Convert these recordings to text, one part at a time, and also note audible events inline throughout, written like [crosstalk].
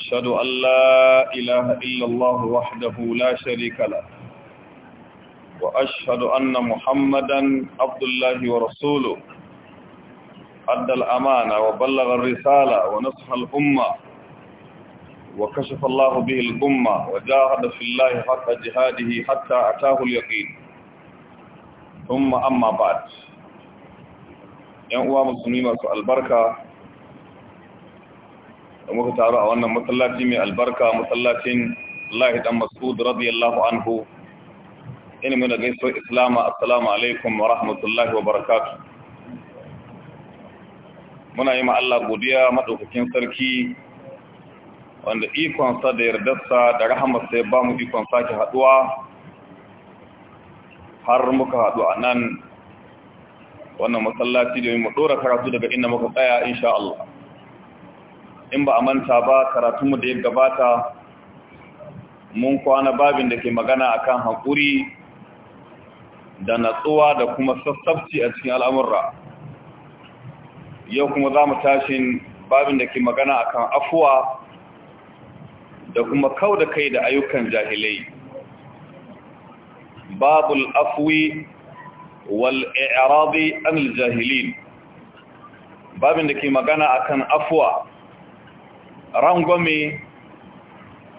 أشهد أن لا إله إلا الله وحده لا شريك له وأشهد أن محمدا عبد الله ورسوله أدى الأمانة وبلغ الرسالة ونصح الأمة وكشف الله به الأمة وجاهد في الله حق جهاده حتى أتاه اليقين ثم أما بعد ‘yan uwa musulmi masu albarka da muka taru a wannan masallaci mai albarka masallacin Allah dan Mas'ud radiyallahu anhu ina muna gaiso islama assalamu alaikum wa rahmatullahi wa barakatuh muna yi ma Allah godiya maɗaukakin sarki wanda ikonsa sa da yardarsa da rahamarsa ya ba mu ikon sake haduwa har muka haɗu a nan wannan masallaci domin mu ɗora karatu daga inda muka tsaya insha Allah in ba a manta ba karatunmu da ya gabata mun kwana babin da ke magana akan haƙuri da natsuwa da kuma sassabci a cikin al'amurra yau kuma za mu tashin babin da ke magana akan afuwa da kuma kau da kai da ayyukan jahilai babul afwi wal i'radi an jahilin babin da ke magana akan afuwa rangwame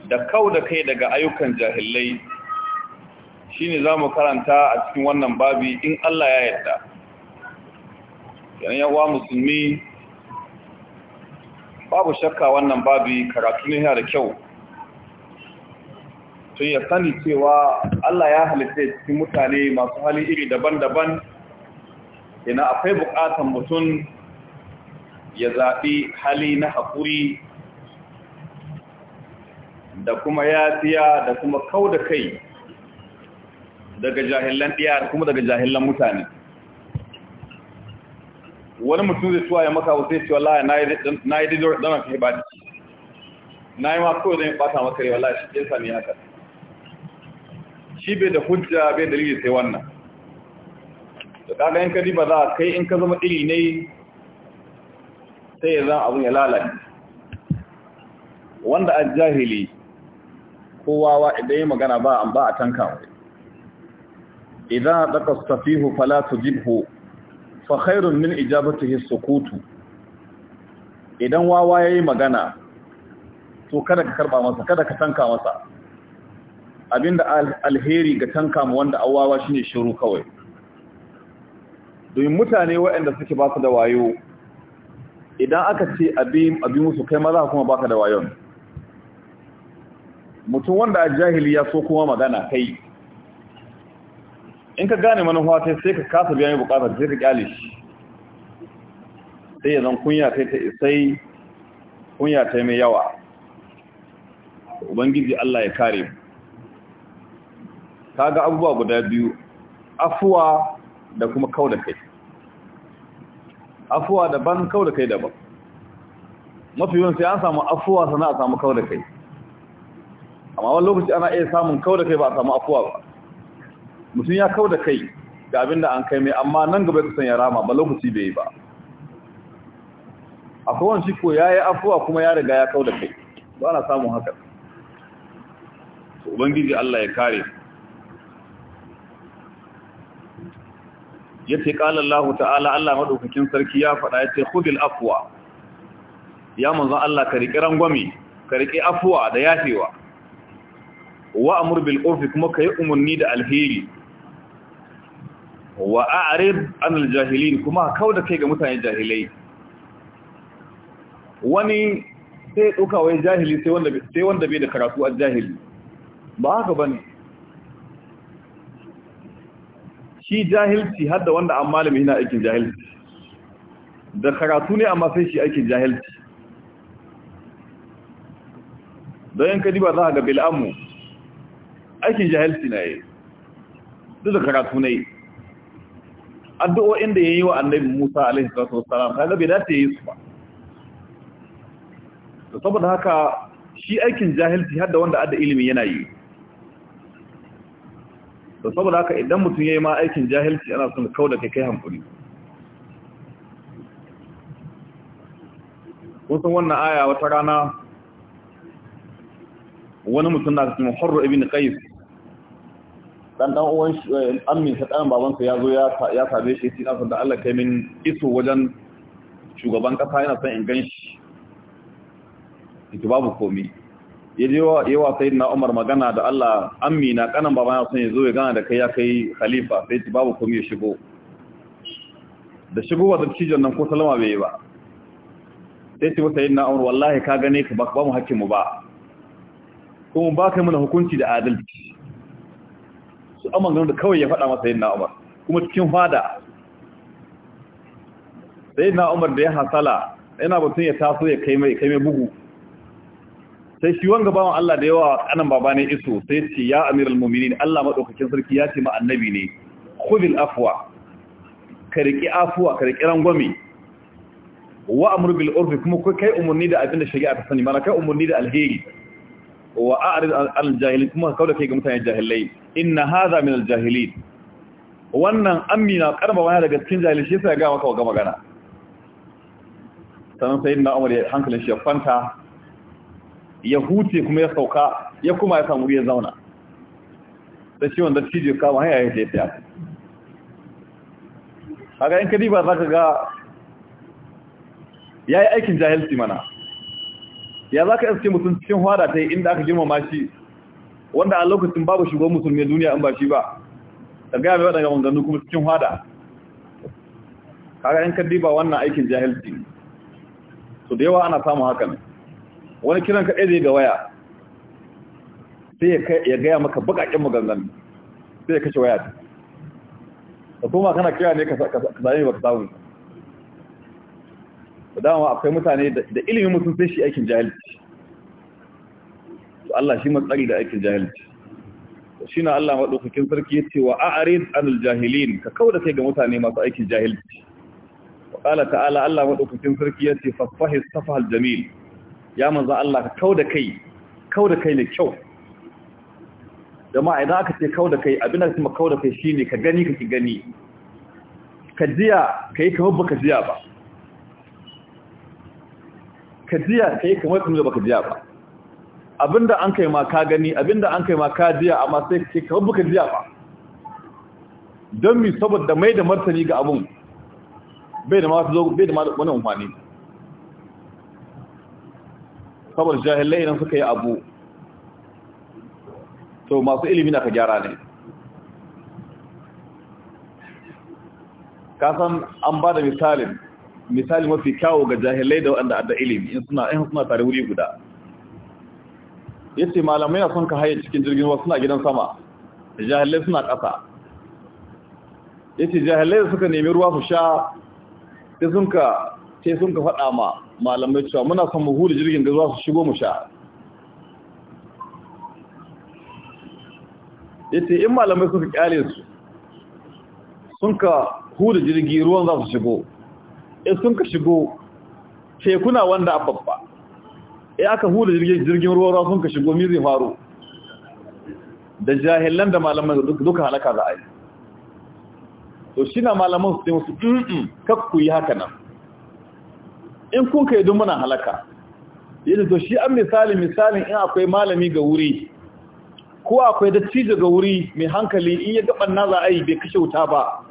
da kau da kai daga ayyukan jahilai shine za mu karanta a cikin wannan babi in Allah ya yadda yanayin yawa musulmi babu shakka wannan babi karatu ne da kyau tun ya sani cewa Allah ya halitta cikin mutane masu hali iri daban-daban ina akwai bukatan mutum ya zaɓi hali na haƙuri da kuma yafiya da kuma kau da kai daga jahilan ɗiya kuma daga jahilan mutane wani mutum zai tuwa ya maka wasai ce wallahi na yi daidai dama fi ba da na yi masu kawai zai ɓata maka rewa laya shi ɗinsa ne haka shi bai da hujja bai dalili sai wannan da kaga in ka ba za a kai in ka zama iri ne sai ya zan abin ya lalace wanda a jahili kowawa idan yi magana ba an ba a tanka wai idan daga safihu fala tujibhu fa khairun min ijabatihi sukutu idan wawa ya yi magana to kada ka karba masa kada ka tanka masa abinda alheri ga tanka mu wanda awawa shine shiru kawai domin mutane waɗanda suke ba su da wayo idan aka ce abi musu kai maza kuma baka da wayon mutum wanda a jahili ya so kuma magana kai in ka gane manufa ta sai ka kasa biya mai bukatar sai ka kyale shi sai ya zan kunya kai ta isai kunya ta mai yawa ubangiji Allah ya kare mu ga abubuwa guda biyu afuwa da kuma kau da kai afuwa daban kau da kai daban mafi yawan sai an samu afuwa sana a samu kau da kai amma wani lokaci ana iya samun kau da kai ba a samu afuwa ba mutum ya kau da kai ga abin da an kai mai amma nan gaba kusan ya rama ba lokaci bai yi ba a wani shi ko ya yi afuwa kuma ya riga ya kau da kai ba na samun haka ubangiji Allah ya kare ya ce ƙalar lahu ta'ala Allah maɗaukakin sarki ya faɗa ya ce hudil afuwa ya manzan Allah ka riƙi rangwami ka riƙi afuwa da yafewa wa amur bil urfi kuma kai umarni da alheri wa a'rid anil jahilin kuma kauda kai ga mutane jahilai wani sai duka wai jahili sai wanda sai wanda bai da karatu a jahili ba haka bane shi jahilci har da wanda an malami yana aikin jahilci da karatu ne amma sai shi aikin jahilci don yanka ba za a ga bil'amu aikin jahilci na yi duk da karatu na yi addu'o'in da ya yi wa annabi musa alaihi salatu wasalam kaga da dace yi su ba da saboda haka shi aikin jahilci hadda wanda adda ilimi yana yi da saboda haka idan mutum ya yi ma aikin jahilci ana son kawo da kai kai hankuli wasan wannan aya wata rana wani mutum na cikin horar kai su. dan dan uwan eh, ammin sa dan baban sa yazo ya ya same shi sai dan Allah kai min iso wajen shugaban kasa yana son in ganshi ita babu komai wa yawa sayyidina Umar magana da Allah ammi na kanan baban ya son yazo ya gana da kai ya kai khalifa sai ita babu komai ya shigo da shigo da cijon nan ko salama bai yi ba sai ce sayyidina Umar wallahi ka gane ka ba mu hakkin mu ba kuma ba kai mana hukunci da adalci an manzannin da kawai ya faɗa masa yin na'umar kuma cikin fada da yin Umar da ya hasala yana batun ya taso ya kai mai bugu sai shi wanga bawan Allah da yawa kanan baba ne iso sai ce ya amiral muminin Allah maɗaukakin sarki ya ce ma annabi ne khubil afuwa, ka riƙi afuwa ka riƙi rangwame wa amru bil urfi kuma kai umarni da abin da shari'a ta sani mana kai umarni da alheri wa a'rid al-jahilin kuma ka kauda kai ga mutane jahilai inna hadha min al-jahilin wannan amina karba wani daga cikin jahilai shi sai ga maka wa magana sanan sai inna Umar ya hankalin shi ya fanta ya huce kuma ya sauka ya kuma ya samu ya zauna da shi wanda cije kama haya ya yi ta haka in kadi ba za ka ga ya yi aikin jahilci mana ya za ka yi mutum cikin hwada ta yi inda aka girmama shi wanda a lokacin babu shugaban musulmi duniya in ba shi ba da gaya mai waɗanda maganganu kuma cikin hwada kaga yan kaddi ba wannan aikin jahilci su da yawa ana samun haka ne wani kiran kaɗai zai ga waya sai ya gaya maka baƙaƙen maganganu sai ya kashe waya ta kuma kana kira ne ka sami ba ka samu dama akwai mutane da ilimin mutum sai shi aikin jahilci to Allah shi matsari da aikin jahilci to shi na Allah maɗaukakin sarki ya ce wa a'arid anil jahilin ka kawo da kai ga mutane masu aikin jahilci wa ƙala ta'ala Allah maɗaukakin sarki ya ce fasfahi safahal jamil ya manzan Allah ka kawo da kai kawo da kai ne kyau jama'a idan aka ce kawo da kai abin da kuma kawo da kai shine ka gani ka ki gani ka jiya ka yi kamar baka jiya ba ka jiya ka yi kamar tunu da baka jiya ba abinda an kai ma ka gani abinda an kai ma ka jiya amma sai ka kamar baka jiya ba don mi saboda mai da martani ga abun bai da zo bai da wani amfani saboda jahilai idan suka yi abu to masu ilimi na ka gyara ne kasan an ba da misalin misali mafi kyawo ga jahilai da waɗanda adda ilimi in suna in suna tare wuri guda yace malamai na son ka haye cikin jirgin ruwa suna gidan sama jahilai suna ƙasa yace jahilai da suka nemi ruwa su sha sai sun ka sai sun ka faɗa ma malamai cewa muna son mu hura jirgin da ruwa su shigo mu sha yace in malamai suka kyale su sun ka hura jirgi ruwan za su shigo in sun ka shigo tekuna wanda babba ya aka hula jirgin ruwa sun ka shigo mi zai faru da jahilan da malaman duka halaka za a yi to shi na malaman su ce musu ɗin kakku yi haka nan in kun ka yi don muna halaka Yanzu to shi an misali misalin in akwai malami ga wuri ko akwai dattijo ga wuri mai hankali in ya gaban na za a yi bai kashe wuta ba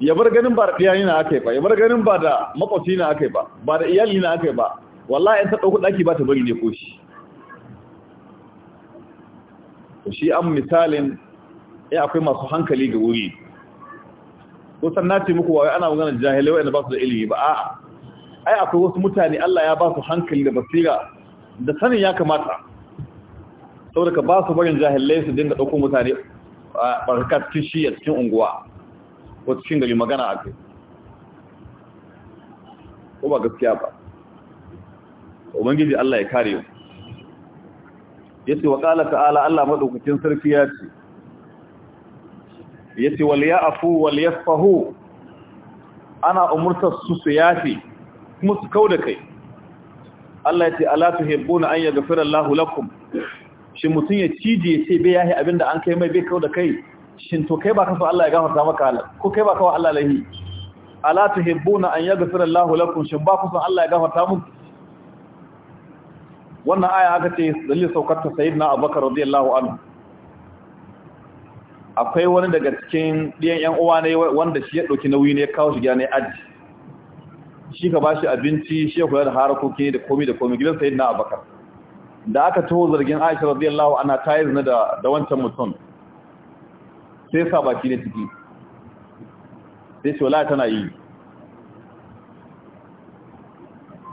ya bar ganin ba da iyali na aka yi ba ya bar ganin ba da makwabci na aka yi ba ba da iyali na aka yi ba wallahi in ta dauko daki ba ta bari ne ko shi to shi an misalin ya eh, akwai masu hankali ga wuri ko san ce muku wawai ana magana jahilai wanda ba su da ilimi ba a'a ai akwai wasu mutane Allah ya ba su hankali da basira da sanin ya kamata saboda ka ba su barin jahilai su dinga ɗauko mutane barkatun shi a cikin unguwa wasu cin gari magana a kai ko ba gaskiya ba ubangiji Allah ya kare mu yace wa qala ta'ala Allah madaukakin sarki ya ce yace wal ya'fu wal yafahu, ana umurta su su yafi kuma su kauda kai Allah yace ala tuhibbuna an yaghfira Allahu lakum shi mutun ya cije sai bai yahi abinda an kai mai bai kauda kai shin to kai ba ka so Allah ya gafarta maka Allah ko kai ba ka wa Allah lahi ala tuhibbuna an yaghfira Allahu lakum shin ba ku so Allah ya gafarta muku wannan aya aka ce dalil saukar ta sayyidina Abubakar radiyallahu anhu akwai wani daga cikin ɗiyan ƴan uwa ne wanda shi ya ɗauki nauyi ne ya kawo shi gida aji shi ka ba shi abinci shi ya kula da harakoki da komi da komi gidan sayyidina na da aka taho zargin aisha radiyallahu anha ta yi zina da wancan mutum sai sa baki ne ciki sai ce wala tana yi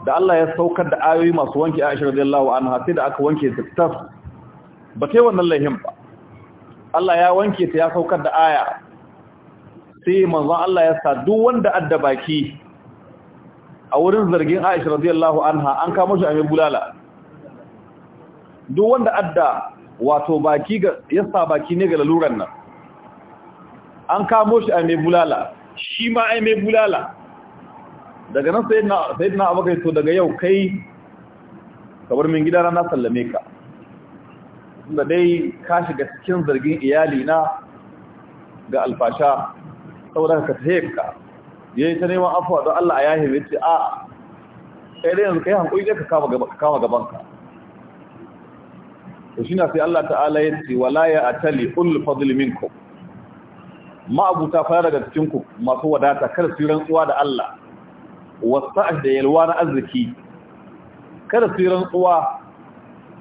da Allah ya saukar da ayoyi masu wanke Aisha radiyallahu anha sai da aka wanke ta tas ba yi wannan lahim ba Allah ya wanke ta ya saukar da aya sai manzan Allah ya sa duk wanda adda baki a wurin zargin Aisha radiyallahu anha an kama shi a mai bulala duk wanda adda wato baki ga yasa baki ne ga laluran nan an kamo shi a mai bulala shi ma ai mai bulala daga nan sai na kai to daga yau kai kabar min gidana na sallame ka da dai ka shiga cikin zargin iyali na ga alfasha saboda ka tahe ka yi ta neman afuwa don Allah ya yahe ce a kai dai yanzu kai hankali ne ka kama gaban ka to shi na sai Allah ta'ala ya ce wala ya atali ul fadl minkum ma'abuta fara daga cikinku masu wadata kada su yi rantsuwa da Allah wasu da yalwa na arziki kada su yi rantsuwa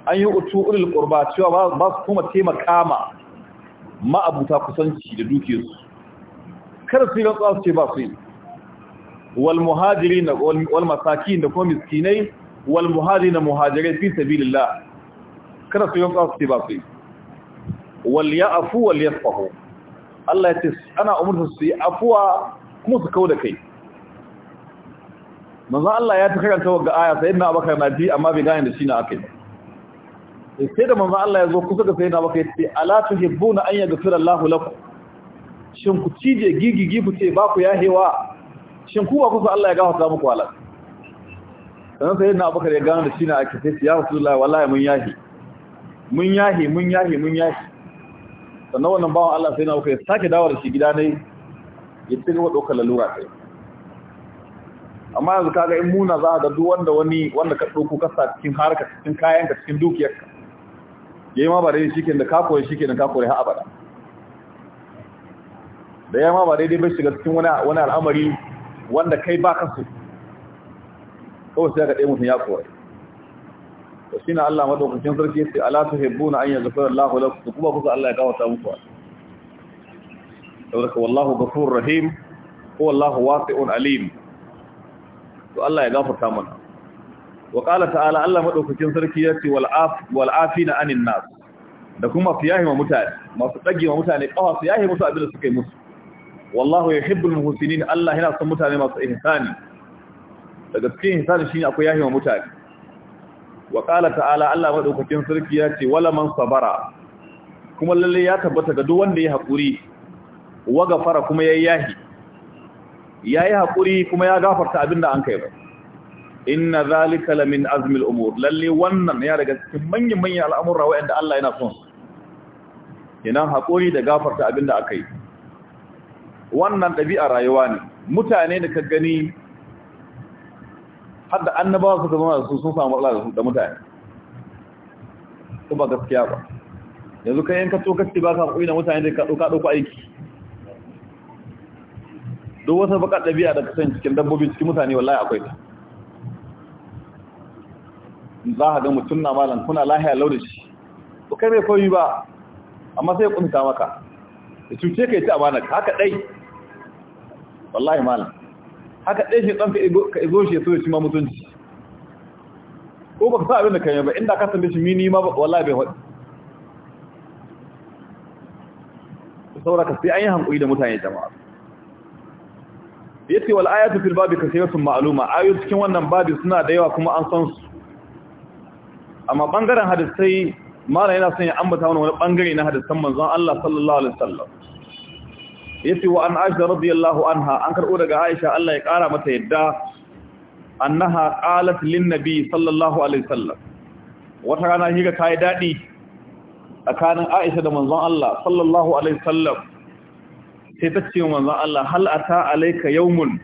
an yi utu ulil qurba cewa ba su kuma taimaka ma ma'abuta kusanci da su kada su yi rantsuwa su ce ba su yi wal muhajirin wal masakin da kuma miskinai wal muhajirin muhajirai fi sabilillah kada su yi rantsuwa su ce ba su yi wal ya'fu wal yasfahu Allah ya ce ana umurta su yi afuwa kuma su kauda kai manzo Allah ya ta karanta wa aya na Abubakar na ji amma bai gane da shi na akai eh, sai da manzo Allah ya zo kusa da sai na ya ce ala tuhibbuna an yaghfira Allahu lakum shin ku cije gigi ku ce ba ku yahewa shin ku ba ku Allah ya gafarta muku wala sanan na Abubakar ya gane da shi na akai sai ya Rasulullahi wallahi mun yahi mun yahi mun yahi mun yahi sannan wannan bawan Allah sai na uku ya sake dawo da shi gida ne ya ci gaba ɗaukar lalura sai amma yanzu kaga in muna za a ga duk wanda wani wanda ka ɗauko ka sa cikin harka cikin kayan ka cikin dukiyar ka yayi ma ba dai shike da ka koyi shike da ka koyi har abada da yayi ma ba dai bai shiga cikin wani wani al'amari wanda kai ba ka so kawai sai ka ɗaya mutum ya koyi to shine Allah madaukakin sarki yace ala tuhibbuna an yaghfira Allahu lakum kuma kusa Allah ya gafarta muku tabaraka wallahu ghafurur rahim huwa Allahu wasi'un alim to Allah ya gafarta mana wa qala ta'ala Allah madaukakin sarki yace wal af wal afina anin nas da kuma fiyahi ma mutane masu tsage ma mutane kawa fiyahi musu abin da suka yi musu wallahu yuhibbul muhsinin Allah yana son mutane masu ihsani daga cikin ihsani shine akwai yahi ma mutane wa ƙala ta'ala Allah maɗaukakin sarki ya ce wala man sabara kuma lalle ya tabbata ga duk wanda ya haƙuri wa gafara kuma ya yi yahi ya yi haƙuri kuma ya gafarta abin da an kai ba inna zalika la min azmil umur lalle wannan ya daga cikin manyan manyan al'amura wa'anda Allah yana son yana haƙuri da gafarta abin da aka yi wannan ɗabi'a rayuwa ne mutane da ka gani Hadda annabawa suka zama da su sun samu matsala da mutane su ba gaskiya ba yanzu kai yanka kaske ba ka kuɗi na mutane da ka ɗauka ɗauka aiki duk wata baka ɗabi'a da kasan cikin dabbobi cikin mutane wallahi akwai ta za ka ga mutum na malam kuna lahiya lau shi ko kai bai koyi ba amma sai ya kunta maka da cuce ka yi ta amana haka ɗai wallahi malam haka ɗaya shi ɗanka ka izo shi ya so ya ci ma mutunci ko ba ka sa abin da kayan ba inda ka sami shi mini ma wala bai haɗu. saura ka sai an yi hankuli da mutane jama'a ya ce wal'ayatu fil babi wasu ma'aluma ayo cikin wannan babi suna da yawa kuma an san su amma ɓangaren hadisai mara yana son ya ambata wani wani ɓangare na hadisan manzon Allah sallallahu alaihi wasallam yace wa an aisha radiyallahu anha an karbo daga aisha Allah ya kara mata yadda annaha qalat lin nabi sallallahu alaihi wasallam wata rana higa kai dadi tsakanin aisha da manzon Allah sallallahu alaihi wasallam sai ta ce manzon Allah hal ata alayka yawmun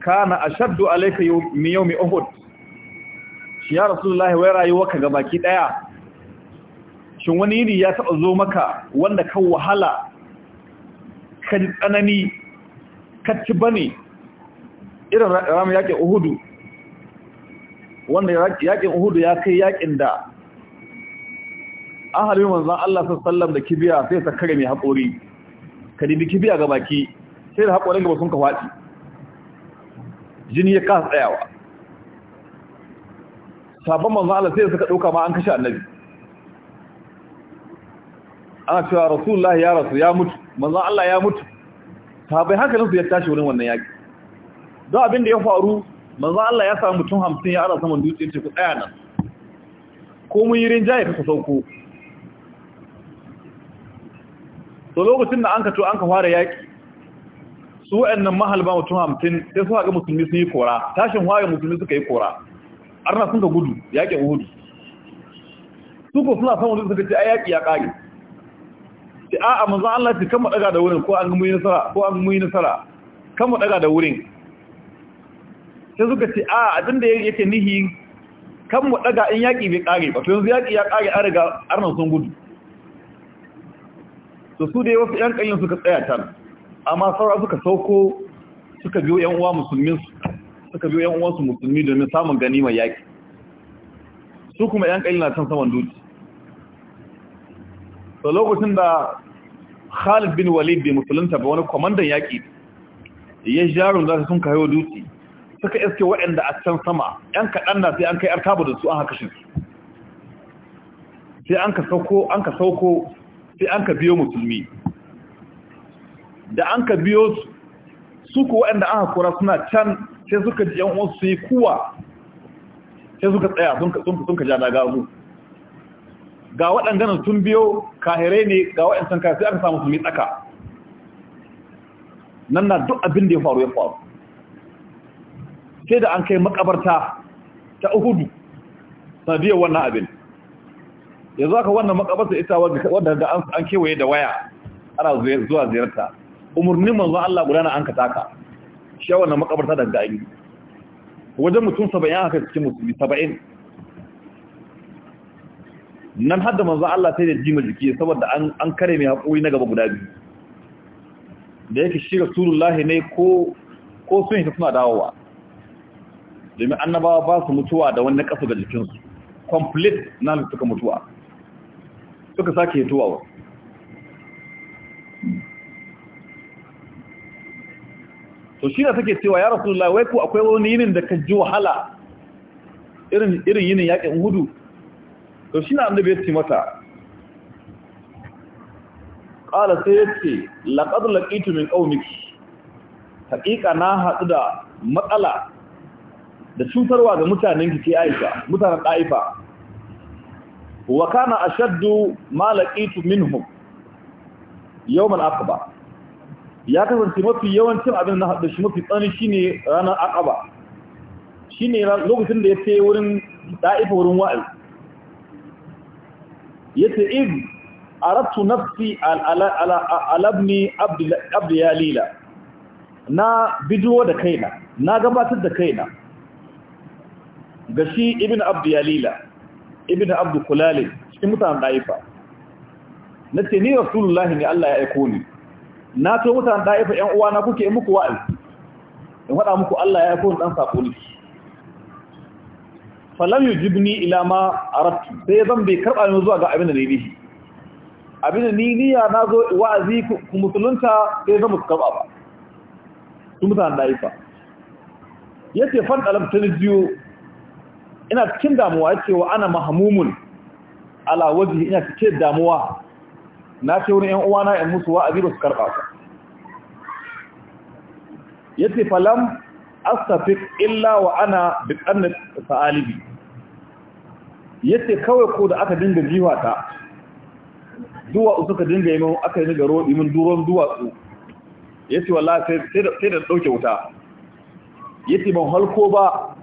kana ashaddu alayka mi yawmi uhud ya rasulullahi wai rayuwarka gabaki daya shin wani yini ya taba zo maka wanda kan wahala ka ji tsanani ka ci bane irin ramin yakin uhudu wanda yakin uhudu ya kai yakin da an halin manzan Allah sallam da kibiya sai sa kare mai haƙori ka dibi kibiya ga baki sai da haƙorin gaba sun ka faɗi jini ya kasa tsayawa sabon manzan Allah sai suka ɗauka ma an kashe annabi ana cewa rasulullah ya rasu ya mutu manzon Allah ya mutu bai haka nan su ya tashi wurin wannan yaki don abin da ya faru manzon Allah ya samu mutum hamsin ya ara saman dutse ce ku tsaya nan ko mun yi rinjaye ka sauko to lokacin da an ka to an ka fara yaki su wa'annan mahalba mutum hamsin, sai su haƙa musulmi sun yi kora tashin waye musulmi suka yi kora arna sun ka gudu yaƙin uhudu su ko suna samun suka ce ai yaƙi ya ƙage ce a'a manzan Allah ce kan mu daga da wurin ko an mu yi nasara ko an mu yi nasara kan mu daga da wurin sai suka ce a abin da yake nihi kan mu daga in yaki bai kare ba to yanzu yaki ya kare an riga arnan sun gudu to su da wasu yan kanyen suka tsaya tan amma saura suka sauko suka biyo yan uwa musulmin suka biyo yan uwansu musulmi domin samun ganimar yaki su kuma yan kanyen na can saman dutse. to lokacin da Khalid bin Walid bin musulunta ba wani kwamandan yaƙi ya jarun za su sun kayo dutse suka iske waɗanda a can sama ‘yan kaɗan na sai an kai artaba da su an haka shi sai an ka sauko an ka sauko sai an ka biyo musulmi da an ka biyo su ku waɗanda an hakura suna can sai suka ji ‘yan uwansu su yi kuwa sai suka tsaya sun ka ja daga su ga waɗannan tun biyo kahirai ne ga waɗansan Sai aka samu musulmi tsaka nan na duk abin da ya faru ya faru sai da an kai makabarta ta uhudu sanadiyar wannan abin yanzu aka wannan makabarta ita wadda an kewaye da waya ana zuwa ziyarta umarnin manzo Allah gudana an ka taka shi wannan makabarta daga ayi wajen mutum 70 aka cikin musulmi 70 nan hada manzo Allah sai da jima jiki saboda an an kare mai hakuri na gaba guda biyu da yake shi rasulullahi ne ko ko sun yi suna dawowa domin annabawa ba su mutuwa da wani kasu ga jikinsu complete na suka mutuwa suka sake hituwa wa to shi da take cewa ya rasulullahi wai ko akwai wani yinin da ka ji wahala irin irin yinin yakin hudu to shi na annabi ya ce mata ƙala sai ya ce laƙar laƙitu min haƙiƙa na haɗu da matsala da cutarwa ga mutanen kike aisha mutanen ɗaifa wa kana shaddu ma laqitu minhum mana aka aqaba ya kasance mafi yawancin abin na haɗu shi mafi tsani shine ranar aqaba ne lokacin da ya ce wurin ɗaifa wurin wa'azi yace in aratu nafsi ala ala abni abdi ya lila na bidiyo da kaina na gabatar da kaina Gashi ibnu ibn abdi ya lila ibn abdi kulali cikin mutanen daifa na ce ni rasulullahi ne Allah ya aiko ni na to mutanen daifa ƴan uwa na kuke muku wa'azi in faɗa muku Allah ya aiko ni dan sako falam jibni ila ma aradtu sai zan bai karɓa ni zuwa ga abin da nayi abin da ni niyya na zo wa'azi ku musulunta sai zan musu karɓa ba su mutanen Ya ce fan ta nijiyo ina cikin damuwa ya ce wa ana mahamumun ala waje ina cike damuwa na ce wani ƴan uwana ‘yan musu wa'azi ba su ba. ka ce falam Asafik illa wa ana bi sa'alibi yace kawai ko da aka dinga jiwa ta duwa suka dinga yi mun aka yi garo imin duron duwatsu yace wallahi sai sai da dauke wuta yace ban halko ba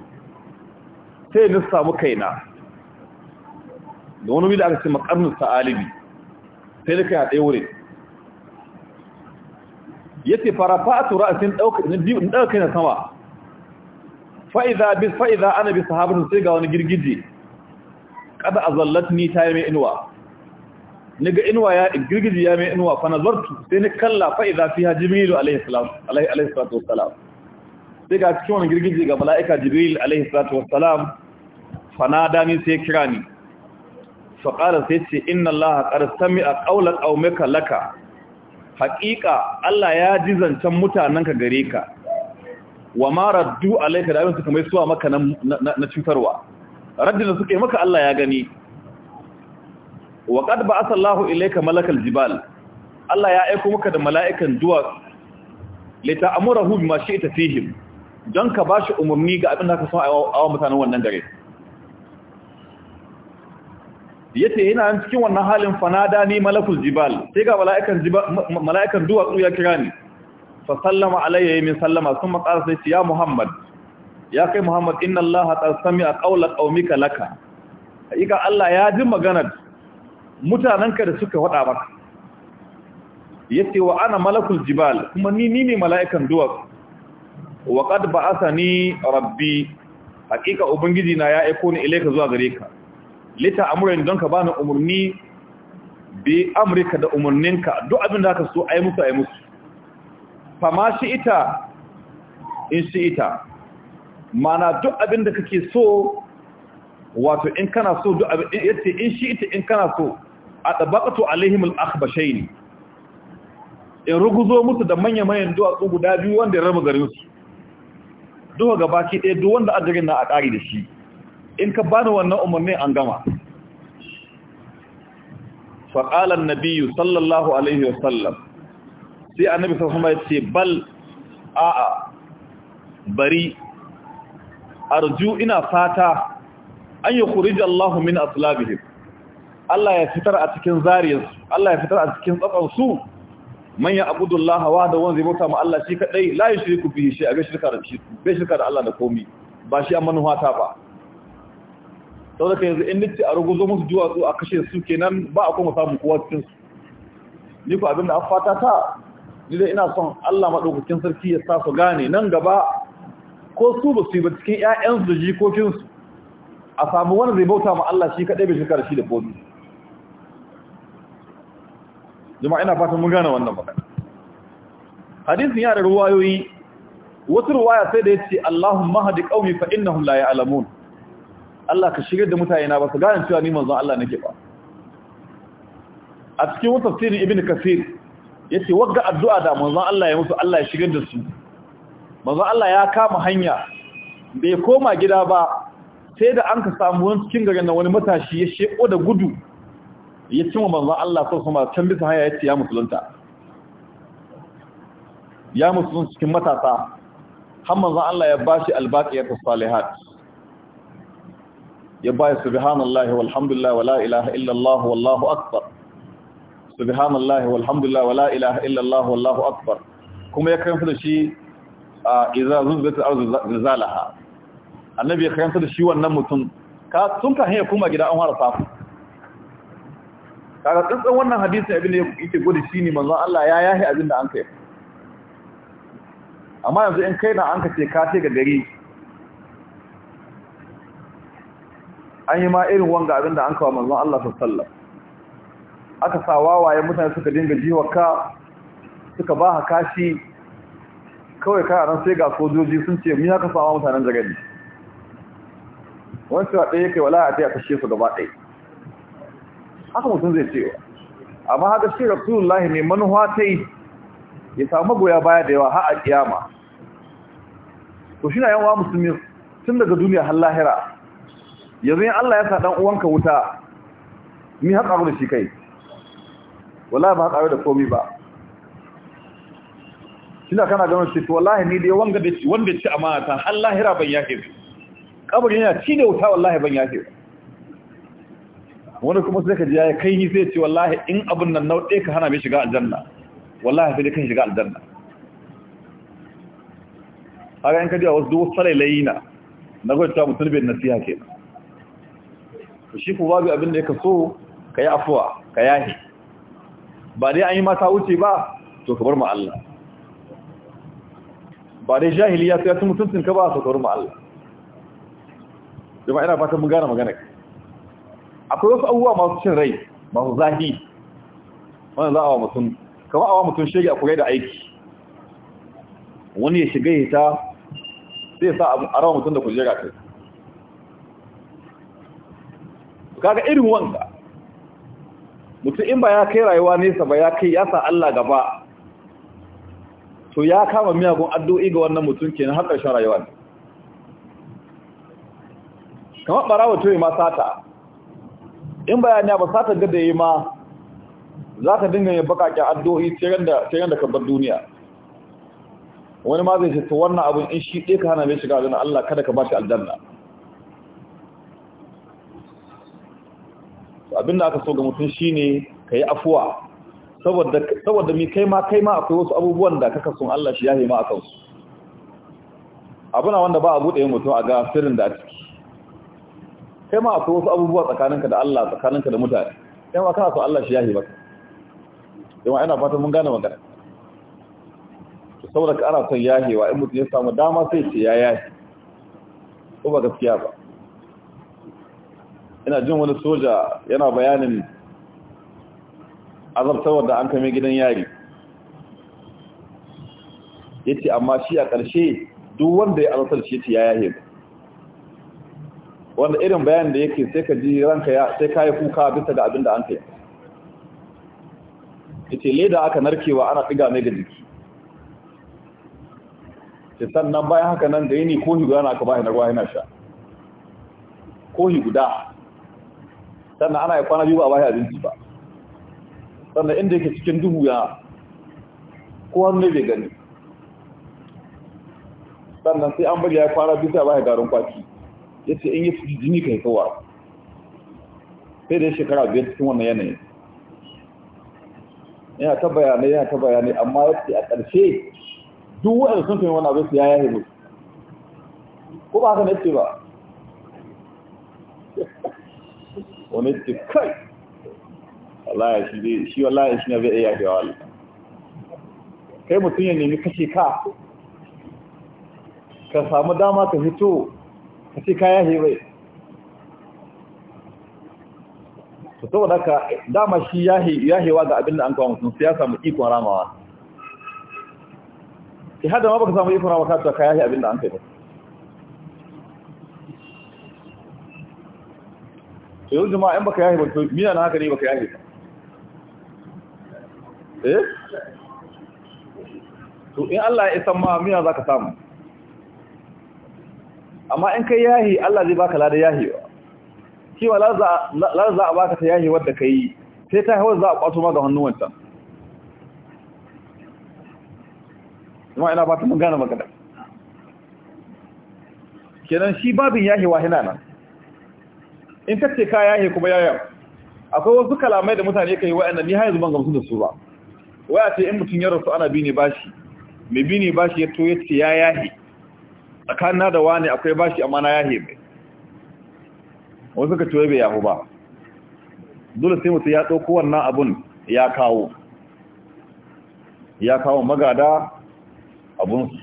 sai na samu kaina da wani da aka ce makarnin alibi sai da kai a ɗaya wurin yace farafa a tura a cikin ɗauka kai na sama fa'iza ana bi sahabatun sai ga wani girgije kada azallatni ta yi mai inuwa ni ga inuwa ya girgiji ya mai inuwa fa nazartu sai ni kalla fa idza fiha jibril alayhi salam alayhi alayhi salatu wassalam sai ga cikin wannan girgiji ga malaika jibril alayhi salatu wassalam fa nada ni sai kira ni fa qala sai ce inna allaha qad sami'a qawla qaumika laka haqiqa allah ya ji zancen mutananka gare ka wa ma raddu alayka da abin suka mai suwa maka na cutarwa raddin da suke maka Allah ya gani wa qad ba'atha Allahu ilayka malakal jibal Allah ya aika maka da mala'ikan duwa lita'amurahu bima shi'ta fihim don ka bashi umarni ga abin da ka so awa mutanen wannan gare yace yana cikin wannan halin fanada ni malakul jibal sai ga mala'ikan duwatsu mala'ikan duwa ya kira ni fa sallama alayya min sallama sun qala sai ya Muhammad ya kai Muhammad inna Allah ta sami a ƙaular ƙaumika laka haƙiƙa Allah ya ji maganar mutanenka da suka waɗa maka yace wa ana malakul jibal kuma ni ni ne mala'ikan duwatsu wa qad ni rabbi haƙiƙa ubangiji na ya aiko ni ilaika zuwa gare ka lita amurin don ka bani umarni bi amurka da umarninka duk abin da ka so ai musu ai musu fama shi ita in shi ita mana duk abin da kake so wato in kana so duk abin yace in shi ita in kana so a tabaqatu alaihim al-akhbashayn in ruguzo musu da manya-manyan duwatsu guda biyu wanda ya raba garin su duka gabaki ɗaya duk wanda ajarin na a ƙari da shi in ka bani wannan umarni an gama an النبي sallallahu alaihi wa sallam, sai annabi sallallahu alaihi sallam ya ce bal a'a bari arju ina fata an yi kuriji Allahu min asulabihi Allah ya fitar a cikin zariyarsu Allah ya fitar a cikin tsakansu. manyan abudun lahawa da wanzu zai bauta ma Allah shi kadai la yushriku bihi shay'a bai bai shirka da Allah da komi ba shi manu hata ba da ka yanzu in nitti a zo musu duwatsu a kashe su kenan ba a kuma samun kowa cikin su ni ku abinda an fata ta ni dai ina son Allah maɗaukakin sarki ya sa su gane nan gaba ko su ba su yi ba cikin 'ya'yansu da jikokinsu a samu wani zai bauta ma Allah shi kaɗai bai shirka da shi da komi jama'a ina fatan mun gane wannan magana hadisin yana da ruwayoyi wasu ruwaya sai da ya ce yace Allahumma hadi qaumi fa innahum la alamun. Allah ka shigar da mutane na ba su gane cewa ni manzon Allah nake ba a cikin tafsirin Kafir ya ce wagga addu'a da manzon Allah ya mutu Allah ya shigar da su manzo Allah ya kama hanya bai koma gida ba sai da an ka samu wani cikin garin na wani matashi ya sheko da gudu ya cimma manzo Allah sau kuma can bisa hanya ya ce ya musulunta ya musulun cikin matasa har manzo Allah ya bashi albaqiyatus salihat ya bai subhanallahi walhamdulillah wala ilaha illa Allah wallahu akbar subhanallahi walhamdulillah wala ilaha illa Allah wallahu akbar kuma ya karanta da shi iza zuzzilatil ardu zilzalaha annabi ya karanta da shi wannan mutum ka sun ka hanya kuma gida an harfa ku. kaga tsantsan wannan hadisi abin da yake gudu shine manzo Allah ya yahi abin da an kai amma yanzu in kai na an ka ce ka ce ga gari an yi ma irin wanga abin da an kawo manzo Allah sallallahu aka sa wawaye mutane suka dinga jiwa ka suka ba ha kashi kawai karan sai ga sojoji sun ce mun haka sama mutanen jagadi wani cewa ɗaya kai wala a ta kashe su gaba ɗaya haka mutum zai cewa amma haka shi Lahi ne manuwa ta yi ya samu magoya baya da yawa har a kiyama to shi na yawa musulmi tun daga duniya har lahira yanzu yin Allah ya sa ɗan uwanka wuta ni haƙa da shi kai wala ba haƙa da komi ba kina kana ganin shi to wallahi ni dai wanga da wanda ci amana ta har lahira ban yake ba kabari yana ci da wuta wallahi ban yake ba wani kuma sai ka ji yayi kai ni sai ce wallahi in abun nan nauɗe ka hana mai shiga aljanna wallahi sai kai kan shiga aljanna haka in ka ji a wasu dubu sarailayi na na ta mutum bai nasiha kenan shi ku babu abin da ya kaso ka yi afuwa ka yahi ba dai an yi mata wuce ba to ka bar mu Allah ba dai jahili ya sai mutuncin ka ba a sautar mu Allah jama'a ina fatan mun gane magana akwai wasu abubuwa masu cin rai masu zahi wannan za a wa mutum kama a wa mutum shege akwai da aiki wani ya shiga ya ta zai sa a rawa mutum da kujera kai kaga irin wanka, mutum in ba ya kai rayuwa nesa ba ya kai ya sa Allah gaba to ya kama miyagun addu'i ga wannan mutum ke na har ƙarshen rayuwa ne kamar ɓara to yi ma sata in bayani ba sata gada yi ma za ka dinga yin bakaƙen addu'o'i tseren da kabbar duniya wani ma zai ce ta wannan abin in shi ɗe ka hana mai shiga zana Allah kada ka ba shi aljanna da aka so ga mutum shi ne ka yi afuwa saboda saboda mi kai ma kai ma akwai wasu abubuwan da kaka sun Allah shi yahe ma a kansu abuna wanda ba a bude mutum a ga sirrin da ake kai ma akwai wasu abubuwa tsakaninka da Allah tsakaninka da mutane kai ma kana so Allah shi yahe maka yawa ina fatan mun gane magana saboda ka ana son yahewa in mutum ya samu dama sai ce ya yahe ko ba gaskiya ba ina jin wani soja yana bayanin azabtawar da an kame gidan yari ya ce amma shi a ƙarshe duk wanda ya azabtar shi ce ya yahe wanda irin bayan da yake sai ka ji ranka ya sai ka yi kuka bisa ga abin da an kai ya ce leda aka narkewa ana ɗiga mai ga jiki ce sannan bayan haka nan da yini ko guda na aka bayan na ruwa yana sha kohi guda sannan ana yi kwana biyu ba a bayan abinci ba sannan inda yake cikin duhu ya kowar ne bai gani sannan sai an bari ya fara bisa ba ya garin kwaki ya ce in yi su jini kai kowa sai da shekara biyar cikin wannan yanayi yana ta bayanai yana ta bayanai amma ya ce a ƙarshe duk waɗanda sun fi wani abin su ya yi musu ko ba haka na ce ba [laughs] wani ce kai wallahi shi dai shi wallahi shi ne zai iya da wallahi kai mutum ya nemi kashe ka ka samu dama ka fito ka ce kaya hebai to saboda ka dama shi yahewa ga abinda an kawo mutum sai ya ikon ramawa ki hada ma baka samu ikon ramawa ka ta kaya abin da an kai ba to yau jama'a in baka yahi ba to mina na haka ne baka yahi. ba eh to in Allah ya san ma miya zaka samu amma in kai yahi Allah zai baka lada yahi kiwa larza za a baka ta yahi wanda kai sai ta hawa za a kwato ma ga hannuwanta kuma ina ba ta mun gane magana kenan shi babin yahi wahina nan in ce ka yahi kuma yayan akwai wasu kalamai da mutane yi wa'annan ni har yanzu ban gamsu da su ba waya ce in mutum ya rasu ana bi ne bashi mai bi ne bashi ya toye ce ya yahi tsakanin da wani akwai bashi amma na yahi mai wasu ka toye bai yahu ba dole sai mutum ya ɗauko wannan abun ya kawo ya kawo magada abunsu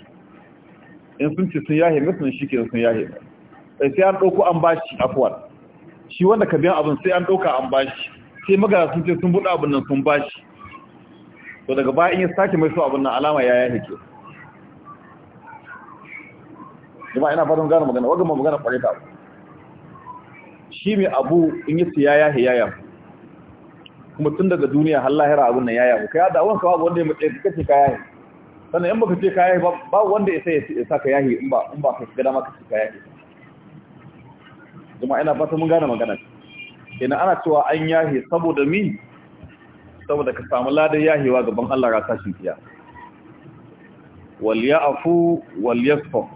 in sun ci sun yahe mutum shi ke sun yahi mai sai an ɗauko an bashi afuwar shi wanda ka biyan abin sai an ɗauka an bashi sai magada sun ce sun buɗe abin nan sun bashi to daga bayan ya sake mai su abin nan alama ya ya hake jama'a ina fatan gane magana wajen magana kwarai ta shi mai abu in yi siya ya hiyaya kuma tun daga duniya har lahira abin nan yaya ka yada wanka babu wanda ya mace ka ce ka yahi sannan in baka ce ka yahi ba wanda ya sai ya sa ka yahi in ba in ba ka shiga dama ka ce ka yahi jama'a ina fatan mun gane magana kenan ana cewa an yahi saboda mi saboda ka samu ladar yahewa gaban Allah ra tashin fiya wal ya'fu wal yasfu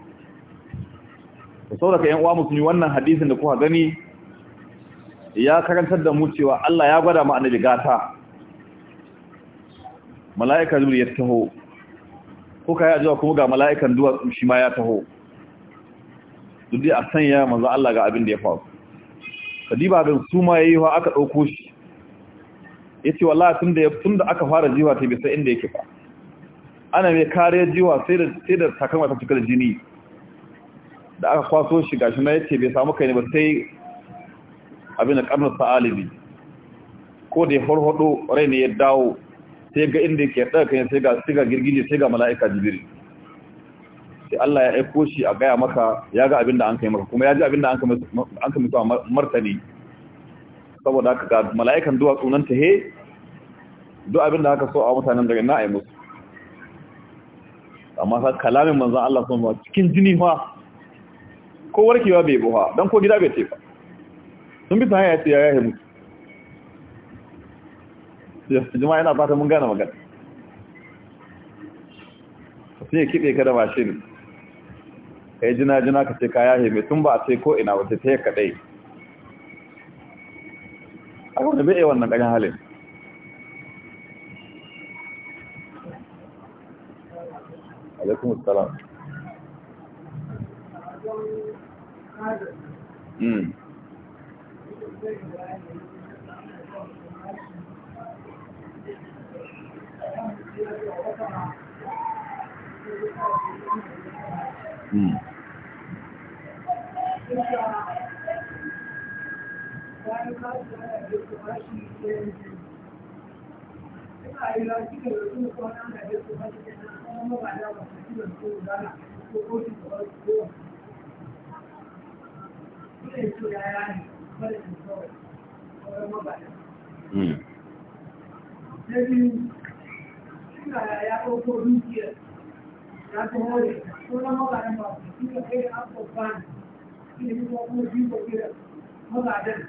saboda ka yan uwa musulmi wannan hadisin da kuka gani ya karantar da mu cewa Allah ya gwada mu annabi gata mala'ika zuri ya taho kuka yi ajiwa kuma ga mala'ikan duwatsu shi ma ya taho duk dai a sanya manzo Allah ga abin da ya faru kadiba ga su ma yayi wa aka dauko shi ya ce wallahi tun da aka fara jiwa ta bisa inda yake ba ana mai kare jiwa sai da takarwa ta cika jini da aka kwaso shi gashi na ya ce bai samu kai ne ba sai abin da ƙarnar sa'alibi ko da ya raini rai ne ya dawo sai ga inda yake ɗaga kai sai ga siga girgije sai ga mala'ika jibril sai Allah ya aiko shi a gaya maka ya ga abin da an kai maka kuma ya ji abin da an kai maka martani saboda haka ga mala'ikan duwa nan ta he duk abin da haka so a mutanen daga na ai musu amma sa kalamin manzon Allah sun ba cikin jini fa ko warkewa bai buha dan ko gida bai tefa sun bi ta hanya ce ya yahe musu jama'a yana fata mun gane magana sai kiɗe ka da ka kai jina-jina ka ce ka yahe mai tun ba a ce ko ina wata ta yi kaɗai a wanda bai wannan ƙarin halin alaikun salam Mm. magadan hmm.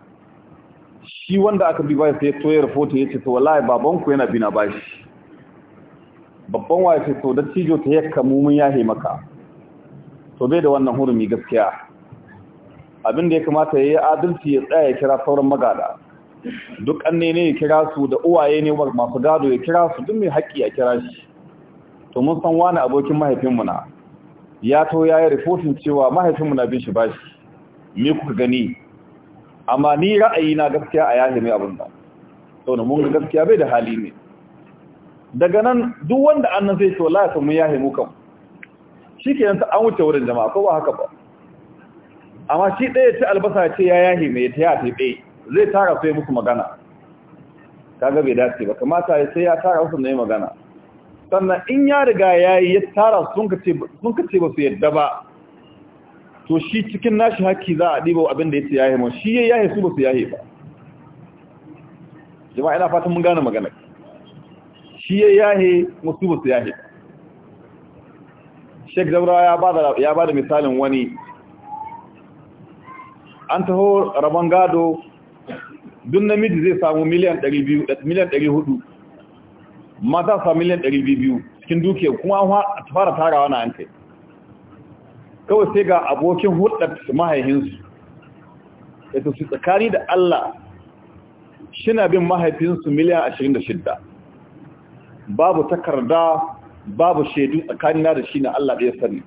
shi wanda aka bi bayan sai toye rahoto ya ce to wallahi babanku yana bina bashi babban waye ce to da cijo ta yakka mun yahe maka to bai da wannan hurumi gaskiya abin da ya kamata ya yi adalci ya tsaya ya kira sauran magada duk annene ya kira su da uwaye ne masu gado ya kira su duk mai haƙƙi ya kira shi to mun san wani abokin mu na ya to ya yi cewa cewa mahaifinmu na bin shi bashi me kuka gani amma ni ra'ayi na gaskiya a yahi mai abin da to na mun ga gaskiya bai da hali ne daga nan duk wanda annan zai ce wallahi mun yahi mu kan shikenan ta an wuce wurin jama'a ko ba haka ba amma shi ɗaya ci albasa ce ya yahi mai ta ya taɓe zai tara sai muku musu magana kaga bai dace ba kamata ya sai ya tara su ne magana sannan in ya riga ya yi ya tara sun ka ce ba su yadda ba to shi cikin nashi haƙƙi za a ɗiba abin da ya ce yahe shi ya yahe su ba su yahe ba jama'a ina fatan mun gane magana shi ya yahe su ba su yahe ba shek Zabra ya ba ya bada misalin wani an taho rabon gado duk namiji zai samu miliyan 200 miliyan 400 mata sa miliyan 200 cikin dukiyar kuma an fara tarawa na an kawai sai ga abokin hulɗar mahaifinsu ya su tsakani da Allah shina bin mahaifinsu miliyan 26 babu takarda babu shaidu tsakanina da shi na Allah da ya sani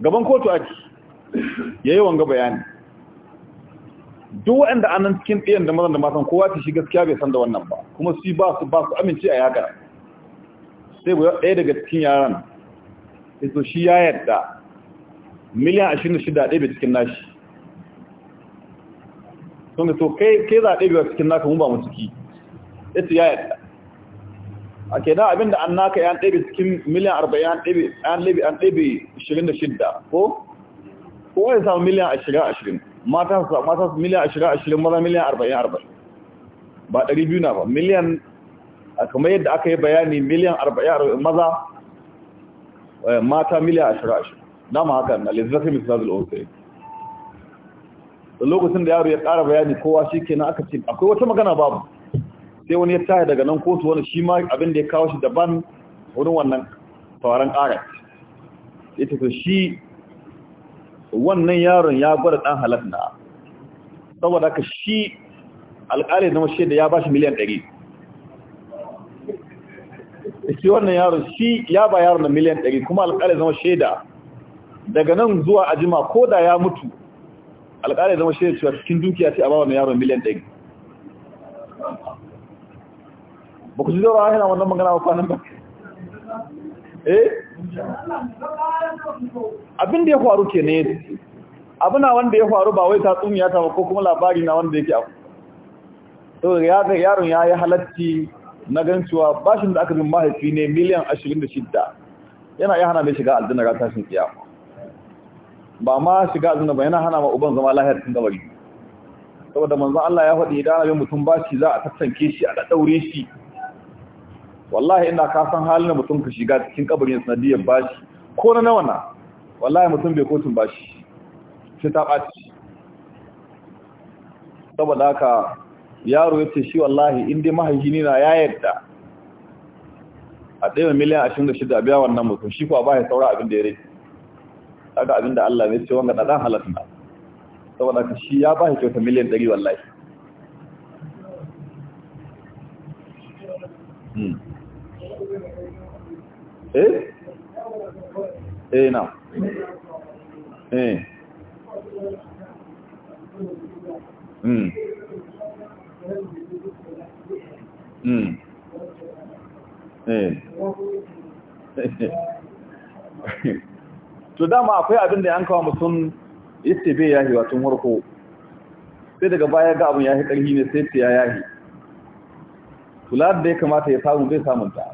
gaban kotu aji ya yi wanga bayani duk waɗanda anan cikin ɗiyan da mazan da matan kowa ta shi gaskiya bai san da wannan ba kuma su ba su ba su amince a yaga sai ɗaya daga cikin yaran to shi ya yarda miliyan 26 ɗaya cikin nashi sun ga to kai kai za ɗaya biyar cikin naka mun ba mu ciki ya ce ya yarda a ke na abinda an naka yan ɗaya cikin miliyan 40 yan ɗaya biyar 26 ko kowa ya samu miliyan 20-20 mata su miliyan 20-20 maza miliyan 40-40 ba 200 na ba miliyan kamar yadda aka yi bayani miliyan 40 maza Eh, mata miliyan ashirin ashirin dama haka na lizzafi da ofe lokacin da yaro ya kara bayani kowa shi kenan aka ce akwai wata magana babu sai wani ya taya daga nan kotu wani shi ma abin da ya kawo shi daban wurin wannan tawaran ƙarat ya tafi shi wannan yaron ya gwada ɗan halatta saboda ka shi alƙalin na mashi da ya ba shi miliyan ɗari shi wannan yaro shi ya ba yaro na miliyan 100 kuma alƙalai zama shaida daga nan zuwa ajima ko da ya mutu alƙalai zama shaida cewa cikin dukiya ce a ba wannan yaro miliyan 100 ba ku ji zaura yana wannan magana ba kwanan ba eh abin da ya faru ke ne abuna wanda ya faru ba wai tatsumiya ta ba ko kuma labari na wanda yake abu to yaron ya yi halatti na gan cewa bashin da aka bin mahaifi ne miliyan 26 yana iya hana mai shiga aljanna ga tashin kiyama ba ma shiga aljanna ba yana hana ma uban zama lahiyar tun gabari saboda manzan Allah ya faɗi idan abin mutum bashi za a tattanke shi a ɗaɗaure shi wallahi ina ka san halin da mutum ka shiga cikin kabarin sanadiyar bashi ko na nawa na wallahi mutum bai kotun bashi sai ta ɓaci saboda haka yaro ya ce shi wallahi inda mahaifini na ya yadda a ɗaya miliyan ashirin da shida a biya wannan mutum shi kuwa ba ya saura abin da ya rai daga abin da Allah ne ce wanga na ɗan halatta saboda ka shi ya ba ya kyauta miliyan ɗari wallahi hmm. eh eh na eh hmm. [laughs] to dama akwai abin da ya hankawa mutum yadda bai yahi wa tun warko sai daga baya ga abin yahi karhi ne sai ya yahi kula da ya kamata ya samu bai samunta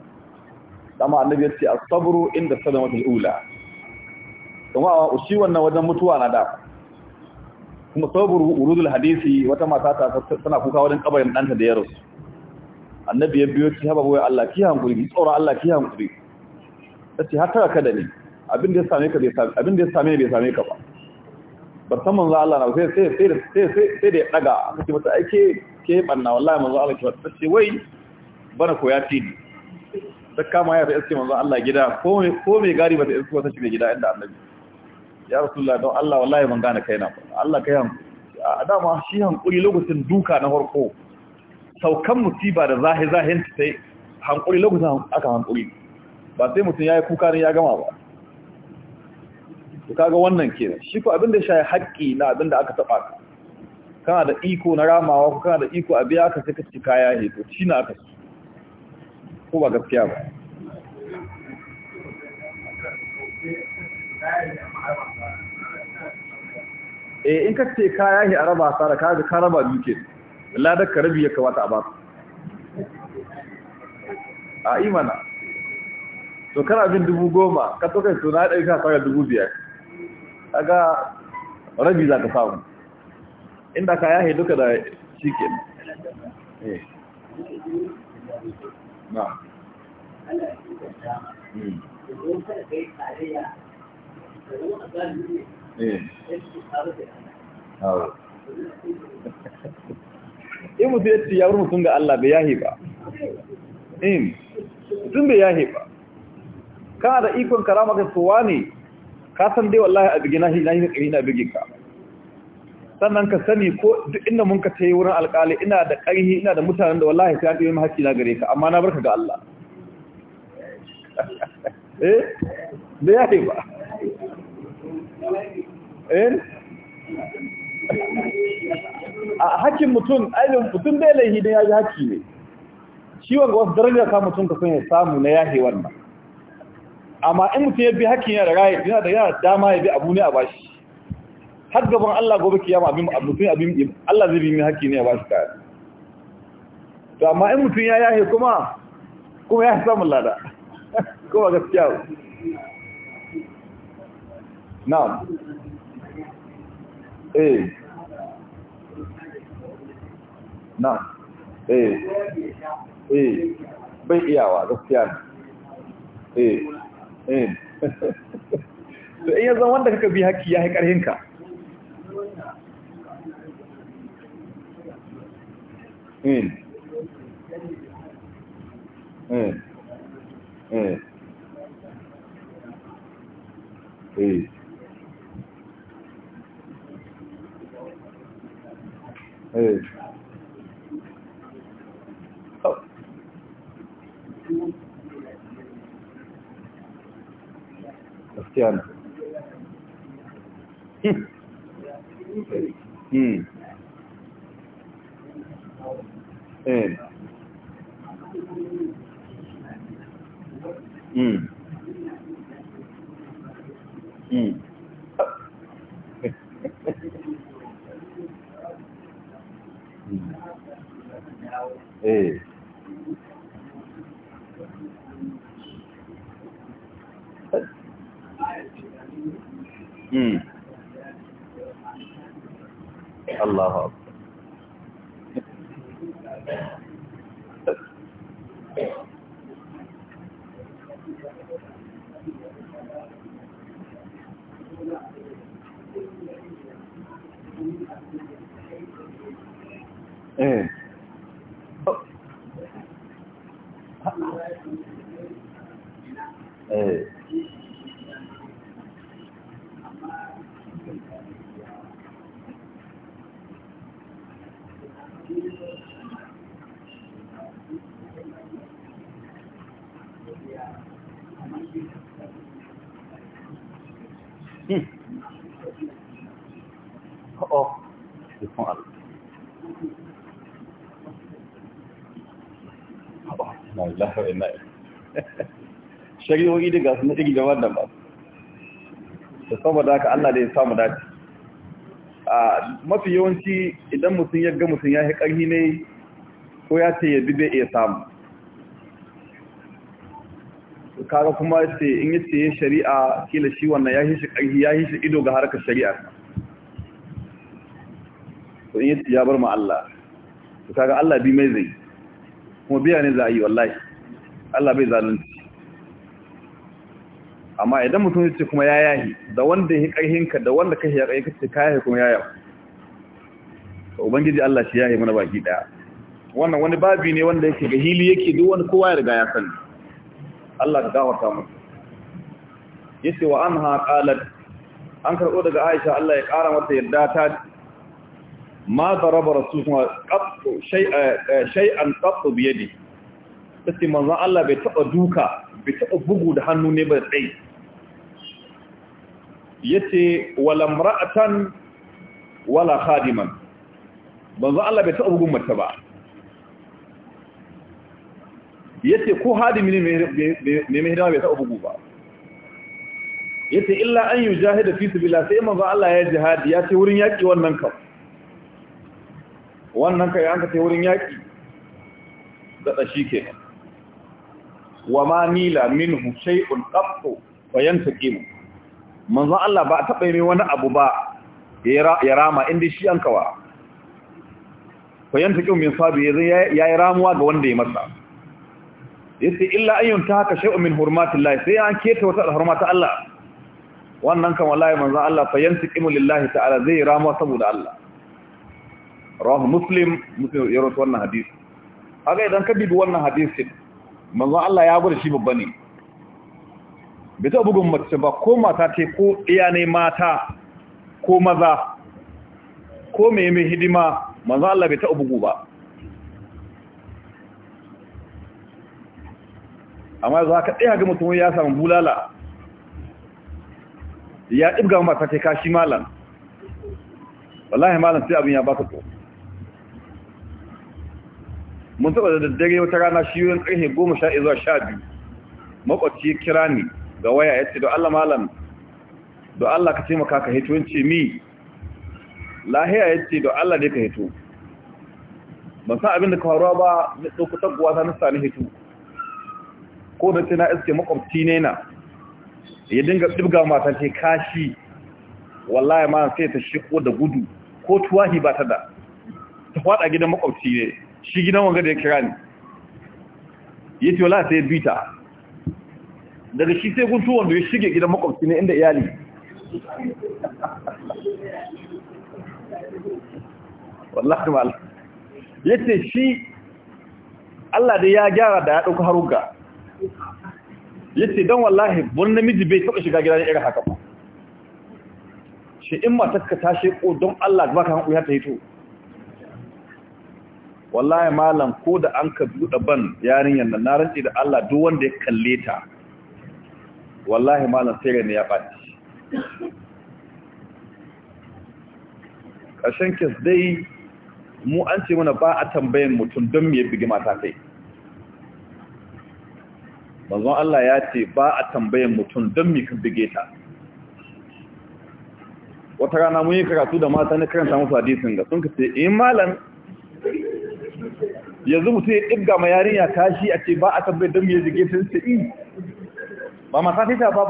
dama annabi ya ce a sabru inda sadamatul ula kuma shi wannan wajen mutuwa na da kuma sabar urudul hadisi wata mata ta tana kuka wajen kabarin danta da ya rasu annabi ya biyo ki haba boye Allah ki hankuri tsoron Allah ki hankuri ta ce har tara ka da ni abin da ya same ka bai same ya same bai same ka ba bar san manzo Allah na sai sai sai sai da ya daga aka ce mata ake ke banna wallahi manzo Allah ke ta ce wai bana ko ya tini ta kama ya ta manzo Allah gida ko me ko me gari bata iske wata shi gida inda annabi ya rasulullahi don Allah wallahi ban gane na. Allah kai han a dama shi hankuri lokacin duka na harko saukan musiba da zahi zahin ta sai hankuri lokacin aka hankuri ba sai mutum ya yi kuka ne ya gama ba Duka ga wannan ke shi ku abin da shi haƙƙi na abin da aka taɓa ka kana da iko na ramawa ku kana da iko a biya ka sai ka ci kaya ne to shi na aka ci ko ba gaskiya ba eh in ka ce kaya ne a raba asara kaga ka raba biyu ke ladar ka rabi ya kamata a baka a imana to kana bin dubu goma ka tsokai to na ka fara dubu biyar kaga rabi za ka samu inda ka yahe duka da shi ke eh. na hmm. eh. [laughs] in mutu ya ci yawon mutum ga Allah bai yahe ba in hmm. mutum bai yahe ba kana da ikon karama ka kowa ne ka san dai wallahi a bigi nahi nahi kari na bige ka sannan ka sani ko duk inda mun ka tayi wurin alƙali ina da ƙarhi ina da mutanen da wallahi sai an yi mahaki na gare ka amma na barka ga Allah [laughs] eh me ya ba eh a hakkin mutum ainihin mutum dai laihi don ya ji haki ne Shi wanga wasu daraja ka mutum ka sanya ya samu na yahewar wannan amma in mutum ya bi hakkin yana raya yana da yana dama ya bi abu ne a bashi har gaban Allah gobe kiyama abin mutum abin Allah zai bi min hakki ne a bashi kaya to amma in mutum ya yahe kuma kuma ya samu lada [laughs] kuma gaskiya na'am eh na'am eh eh bai iyawa gaskiya eh Eh. to in yanzu wanda kaka bi haƙi ya yi ƙarhinka Mm. Eh. Mm. Eh. ikon Allah shari'o'i daga sun iri da wannan ba da saboda haka Allah da ya samu dace a mafi yawanci idan mutum ya ga mutum ya yi ƙarfi ne ko ya ce ya bibe ya samu kaga kuma ce in ya ce shari'a kila shi wannan ya yi shi ƙarfi ya yi shi ido ga harkar shari'a to in ya bar ma Allah to kaga Allah bi mai zai kuma biya ne za a yi wallahi Allah bai zalunci amma idan mutum ya ce kuma ya yahi da wanda ya ƙarhinka da wanda ka ya ƙarhinka ce ka yahi kuma ya yawa ubangiji Allah shi yahi mana baki daya wannan wani babi ne wanda yake ga hili yake duk wani kowa ya riga ya sani Allah ka gafarta mu yace wa anha qalat an karbo daga Aisha Allah ya ƙara mata yadda ta ma daraba rasulullah qattu shay'a shay'an qattu bi yadi sai manzon Allah bai taɓa duka bai taɓa bugu da hannu ne ba dai yace wala mar'atan wala khadiman manzon Allah bai taɓa bugun mace ba yace ko hadimi ne mai hidima bai taɓa bugu ba yace illa an yi yujahida fi su sabilillah sai manzon Allah ya ya yace wurin yaki wannan kawai wannan kai an ka ce wurin yaƙi daɗa shi ke wa ma nila minhu shay'un qattu fa yantaqim manzon Allah ba taɓa mai wani abu ba ya rama inda shi an kawa fa yantaqim min sabi ya yi ramuwa ga wanda ya masa yace illa ayyun ta haka shay'un min hurmatillah sai an keta wata hurmata Allah wannan kan wallahi manzon Allah fa yantaqim lillahi ta'ala zai ramuwa saboda Allah rawahu muslim muslim ya rawaito wannan hadisi haka idan ka dubi wannan hadisin manzon Allah ya gwada shi babba ne bai taɓa bugun mace ba ko mata ce ko iya ne mata ko maza ko mai mai hidima manzon Allah bai taɓa bugu ba amma za ka ɗaya ga mutum ya samu bulala ya ɗibga mata ce kashi malam wallahi malam sai abin ya ba ka tsoro mun taɓa da daddare wata rana shi yurin karfe goma sha zuwa sha biyu makwabci ya kira ni ga waya ya ce da Allah malam da Allah ka taimaka ka hito ce mi lahiya ya ce da Allah ne ka hito ban sa abin da ka faruwa ba na ɗauki taguwa ta nasa ni hito ko da tana iske makwabci ne na ya dinga ɗibga mata ce kashi wallahi ma sai ta shiko da gudu ko tuwahi ba ta da ta faɗa gidan makwabci ne shi gidan wanga da ya kira ni ya ce wala sai bita daga shi sai kun tuwon wanda ya shige gidan makwabci ne inda iyali wallahi ya ce shi Allah da ya gyara da ya dauka Ya ce don wallahi wani namiji bai taba shiga gidan irin haka ba shi in matakka ta sheko don Allah baka ya ta yi to wallahi malam ko da an ka bude ban yarinyar nan na rantsi da Allah duk wanda ya kalle ta wallahi malam sai ne ya baci ƙarshen kes dai mu an ce mana ba a tambayin mutum don me ya bigi mata kai manzon Allah ya ce ba a tambayin mutum don me ka bige ta wata rana mun yi karatu da mata na karanta musu hadisin ga sun ka ce eh malam yanzu mutum ya ɗibga ma yarinya kashi a ce ba a tabbai don ya jige sun sa'i eh, ba ma sati ta ba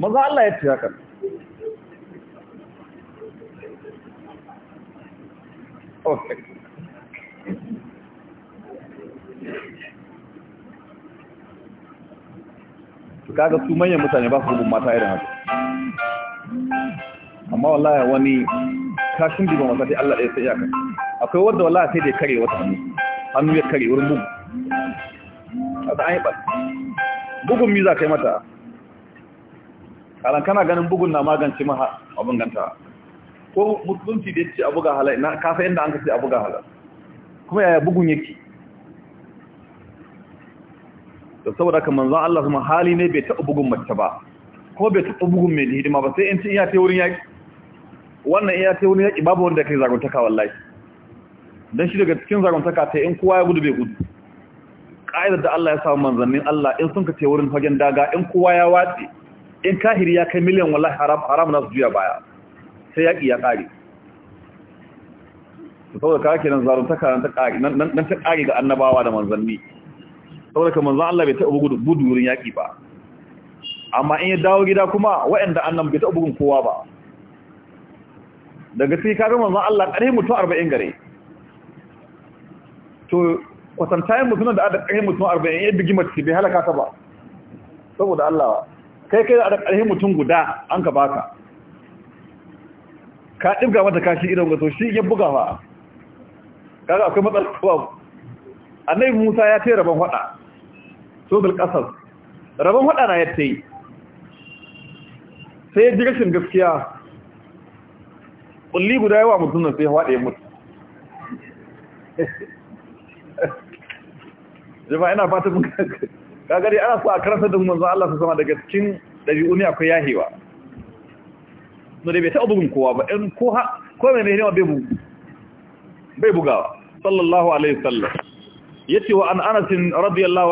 maza Allah ya ce haka kaga su manyan mutane ba su rubun mata irin haka amma wallahi wani kashin dubon wasa dai Allah ɗaya sai iyaka akwai wadda wallahi sai dai kare wata hannu hannu ya kare wurin bugu a ta aibar bugun mi za ka yi mata karan kana ganin bugun na magance maha abin ganta ko musulunci da ya ce abu ga halai na kafa yadda an ka ce abu ga halar. kuma yaya bugun yake da saboda ka manzan Allah kuma hali ne bai taɓa bugun mace ba Kuma bai taɓa bugun mai hidima ba sai in ci iya ta wurin yaƙi wannan iya ta wurin yaƙi babu wanda ya kai zaguntaka wallahi dan shi daga cikin zagantaka ta in kowa ya gudu bai gudu ƙa'idar da Allah ya samu manzannin Allah in sun ka ce wurin fagen daga in kowa ya watsi in kahiri ya kai miliyan wallahi haram na su juya baya sai yaƙi ya ƙari saboda ka ake nan zaruntaka nan ta ƙari ga annabawa da manzanni saboda ka manzan Allah bai taɓa gudu wurin yaƙi ba amma in ya dawo gida kuma waɗanda annan bai taɓa bugun kowa ba daga sai kaga manzan Allah ƙare mutum 40 gare to kwatantayen mutum da adar ƙarfin mutum arba'in ya bigi mace bai halaka ta ba saboda Allah kai kai da adar ƙarfin mutum guda an ka baka ka ɗibga mata kashi idan ga to shi ya buga ba kaga akwai matsar kuma annabi musa ya ce rabon hada so bil qasas rabon hada na ya yi sai ji rashin gaskiya kulli guda yawa mutum nan sai hade mutu jama'a ina fata mun kaga dai ana so a karanta da manzon Allah su sama daga cikin dabi'u ne akwai yahewa no dai bai taɓa bugun kowa ba in ko ha ko mai ne bai bu bai bugawa sallallahu alaihi wasallam yace wa an Anas radhiyallahu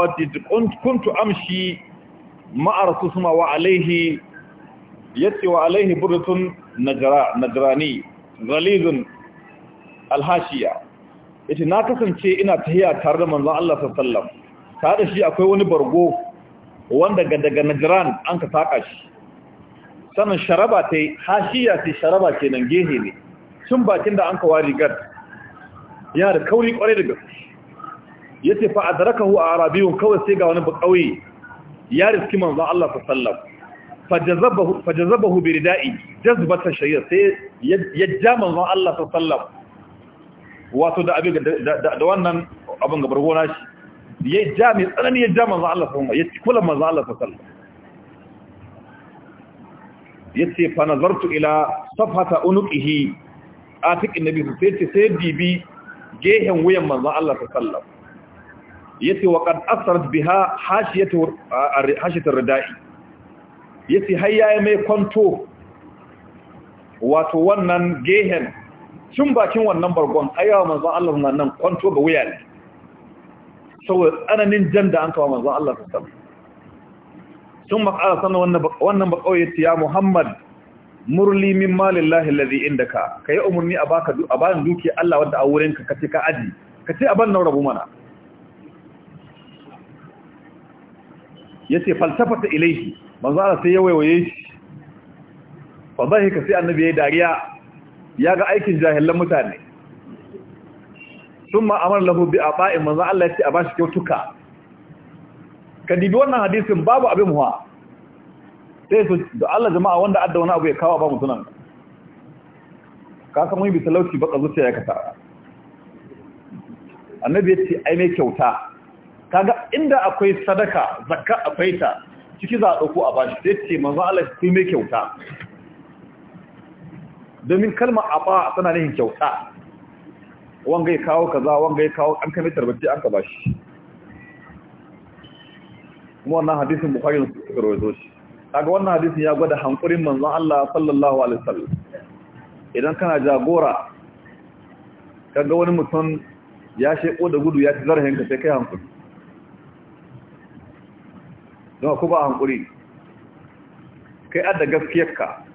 anhu kuntu amshi ma'a rasuluma wa alaihi yace wa alaihi burdatun najra najrani ghalizun alhashiya yace na kasance ina tahiya tare da manzon Allah sallallahu alaihi wasallam tare da shi akwai wani bargo wanda ga daga Najran an ka saka shi sanan sharaba ta hashiya ce sharaba nan gehe ne tun bakin da an ka wari gar ya da kauri kware da gaske yace fa adrakahu arabiyun kawai sai ga wani bakauye ya riski manzon Allah sallallahu alaihi wasallam fajazabahu fajazabahu biridai ridai jazbatan shayya sai ya ja manzon Allah sallallahu alaihi wasallam wato da abin da wannan abin gabar gona shi ya ja mai tsanani ya ja manzan Allah sallama ya ci kula manzan Allah sallam. ya ce fa nazartu ila safhata unuqihi cikin nabi sai ce sai bibi gehen wuyan manzan Allah sallama yace wa qad asarat biha hashiyatu hashiyatu ridai ce hayya mai kwanto wato wannan gehen tun bakin wannan bargon ayyawa manzon Allah nan kwanto ga wuya ne saboda tsananin jan da an kawo manzon Allah ta sami sun makara sana wannan bakawai ya Muhammad murli min malin lazi inda ka ka yi umarni a bayan duki Allah wadda a wurin ka ce ka aji ka ce abin nan rabu mana ya ce falsafata ilaihi Allah sai ya waiwaye shi fa zai ka sai annabi ya yi dariya ya ga aikin jahilan mutane sun ma'amar lahu bi a ba'in manzan Allah ya ce a ba shi kyautuka ka dibi wannan hadisin babu abin huwa sai su da Allah jama'a wanda adda wani abu ya kawo ba mutunan ka san bisa bisalauci baka zuciya ya kasa annabi ya ce ai mai kyauta kaga inda akwai sadaka zakka akwai ta ciki za a dauko a shi sai ce manzan Allah sai mai kyauta domin kalmar aba tana nihin kyauta wanga ya kawo kaza wanga ya kawo an kame tarbatti an ka bashi kuma wannan hadisin bukhari ne suka rawaito shi daga wannan hadisin ya gwada hankurin manzan Allah sallallahu alaihi wasallam idan kana jagora kaga wani mutum ya sheko da gudu ya ci zarhin ka sai kai hankuri don ku ba hankuri kai adda gaskiyarka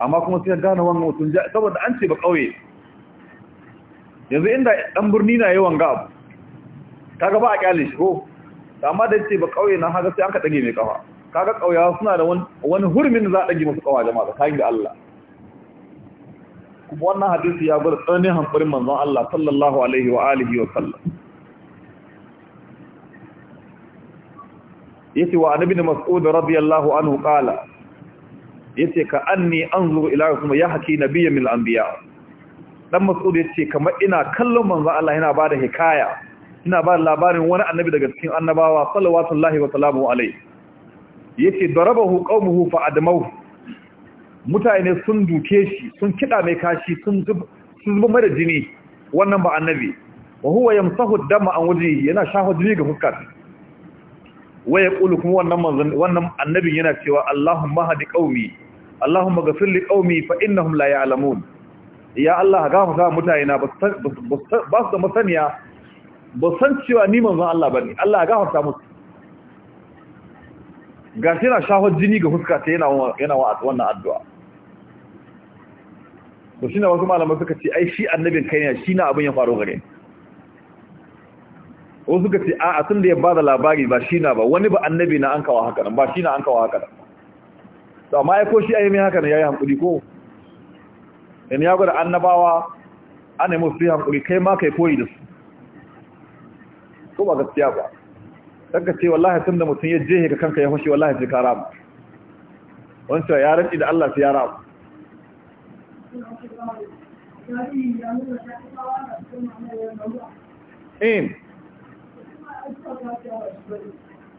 amma kuma sai gane wannan mutum saboda an ce ba kauye yanzu inda dan birni na yawan ga kaga ba a kyale shi ko amma da ce ba kauye na haka sai an ka dage mai kafa kaga kauyawa suna da wani hurmin za a dage musu kawa jama'a kayan da Allah kuma wannan hadisi ya gwada tsananin hankurin manzon Allah sallallahu alaihi wa alihi wa sallam yace wa annabi mas'ud radiyallahu anhu qala Ya ce ka an anzuru ila kuma ya haki nabiyyan min al-anbiya dan ya ce kamar ina kallon manzo Allah yana ba bada hikaya ina bada labarin wani annabi daga cikin annabawa salawatun lahi wa sallamu alaihi yace darabahu qaumuhu fa adamahu mutane sun duke shi sun kiɗa mai kashi sun zuba mara jini wannan ba annabi wa huwa musahu dama an waje yana shafa jini ga fuskar wa yaqulu kuma wannan annabin yana cewa Allahumma hadi qaumi Allahumma gafir li qaumi fa innahum la ya'lamun ya Allah gafarta mutane na ba su da masaniya ba san cewa ni manzon Allah bane Allah gafarta musu gashi na shaho jini ga fuska ta yana yana wannan addu'a to shi ne wasu malamai suka ce ai shi annabin kai ne shi na abin ya faru gare wasu suka ce a a tun da ya ba da labari ba shi na ba wani ba annabi na an kawo haka nan ba shi na an kawo haka nan to amma ya koshi a yi mai haka ne yayi hankuri ko in ya gwada annabawa ana yi musu hankuri kai ma kai koyi da su ko ba gaskiya ba daga ce wallahi tun da mutum ya jehe ka kanka ya fashe wallahi jika ramu wancan ya rantsi da Allah su ya ramu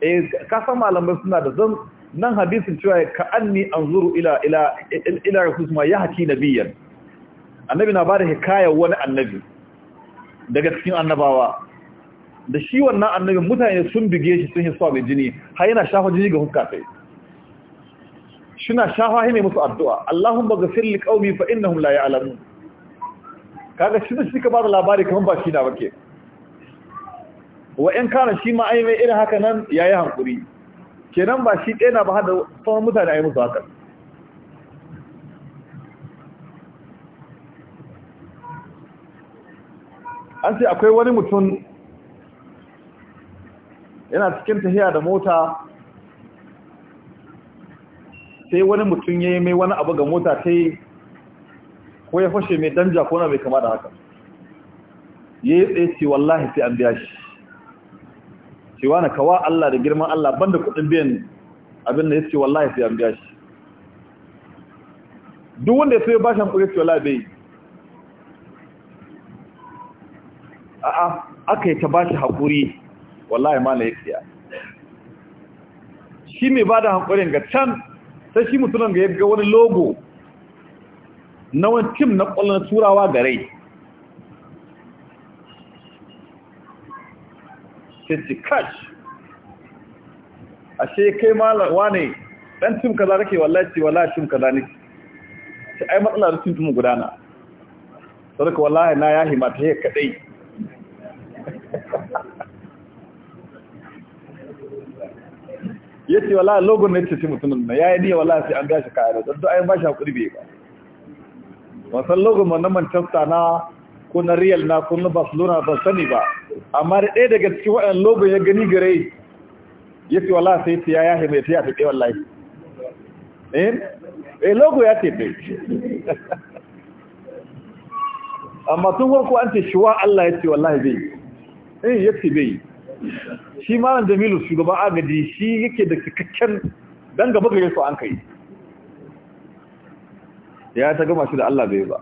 eh kasan malamai suna da zan nan hadisin cewa ka anni anzuru ila ila ila rasulma ya haki nabiyan annabi na bada hikayar wani annabi daga cikin annabawa da shi wannan annabin mutane sun bige shi sun hisa mai jini har yana shafa jini ga hukka sai na shafa ne musu addu'a Allahumma ghafir li qaumi fa innahum la ya'lamun kaga shi da shi ka bada labari kaman ba shi da bake wa in kana shi ma ai mai irin haka nan yayi hankuri kenan ba shi ɗaya na ba hada tsawon mutane a yi musu haka an ce akwai wani mutum yana cikin tafiya da mota sai wani mutum ya yi mai wani abu ga mota ta yi ko ya fashe mai danja ko na mai kama da haka ya yi tsaye ce wallahi sai an biya shi cewa na kawa Allah da girman Allah ban da kudin biyan abin da ya ce wallahi sai an biya shi duk wanda ya sai ba kudin cewa labe wallahi bai a'a aka yi ta bashi hakuri haƙuri wallahi ma na ya siya shi mai ba da hankulin ga can sai shi mutunan ga ya ga wani logo na wani tim na ƙwallon turawa ga rai sai ce kash ashe kai malawa ne dan cin kaza kake wallahi wallahi cin kaza ne sai ai matsala da cin mu gudana sadaka wallahi na yahi ta [laughs] ya kadai yace wallahi logo ne ce mutumin na yayi ne wallahi sai an gashi kayar da ai ba shi hakuri bai ba wasan mun nan Manchester na ko na real na ko na barcelona ba sani ba amma da ɗaya daga cikin waɗannan logo ya gani gare ya ce wala sai ta ya mai ta yafi ɗaya wallahi eh eh logo ya ce bai [laughs] amma tun farko an ce shiwa Allah ya ce wallahi bai eh ya ce bai shi malam Jamilu shugaban agadi shi yake da cikakken dangaba gaba gare su an kai ya ta gama shi da Allah bai ba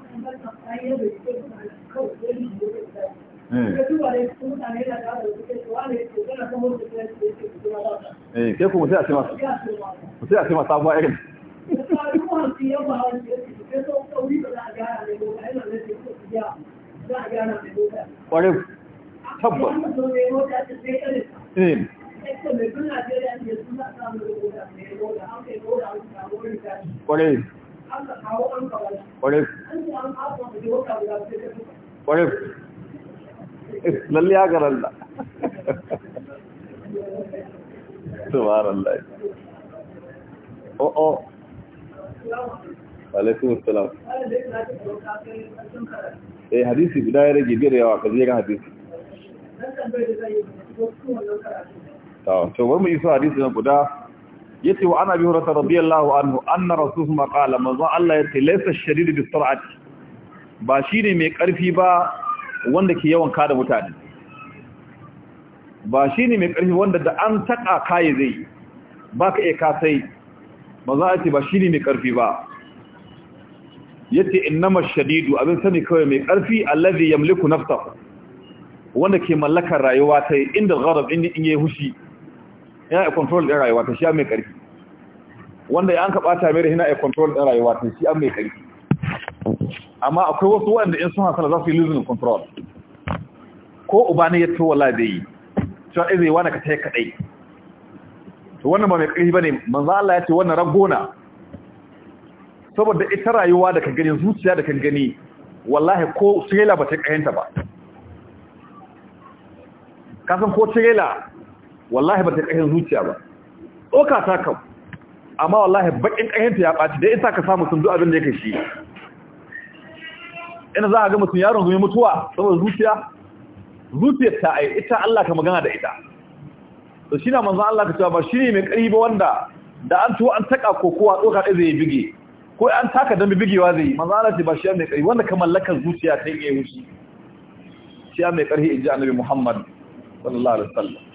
Eh, eh, ke a ce masu a ce masu abuwa irin ƙwarin eh. ƙwarin ƙwarai ƙwarai eh, lalle ya garan salam eh hadisi guda ya rage biyar yawa ka ga hadisi to bari mu iso hadisi guda yace wa ana bi hurata radiyallahu anhu anna rasulullah qala manzo Allah yace laysa shadid bi sur'ati ba shine mai karfi ba wanda ke yawan kada mutane ba shine mai karfi wanda da an taka kai zai baka iya kasai manzo yace ba shine mai karfi ba yace innama shadidu abin sani kawai mai karfi allazi yamliku nafsahu wanda ke mallakar rayuwa ta inda gharab inda in yi hushi yana ya control ɗin rayuwa ta shi an mai ƙarfi wanda ya an kaɓa ta mai yana ya control ɗin rayuwa ta shi an mai ƙarfi amma akwai wasu waɗanda in sun hasala za su yi losing control ko uba ya to wala da yi cewa ɗaya eh, zai wani ka ta yi kaɗai to wannan ba mai ƙarfi ba ne manzan Allah ya ce wannan ragona saboda ita rayuwa da kan gani zuciya da kan gani wallahi ko trailer ba ta kayanta ba kasan ko cirela wallahi ba ta ƙahin zuciya ba Ɗauka ta kan amma wallahi bakin ƙahinta ya ɓaci dai isa ka samu sun duk abin da ya kashi ina za a ga mutum yaron gumi mutuwa saboda zuciya zuciyar ta ai ita Allah ka magana da ita to shi na manzan Allah ka cewa ba shi ne mai ƙari ba wanda da an tuwa an ko kowa tsoka ɗaya zai bige ko an taka dambe bigewa zai yi manzan Allah ce ba shi mai ƙari wanda ka mallakar zuciya ta yi wuce shi ya mai ƙarfi in ji annabi Muhammad sallallahu alaihi wasallam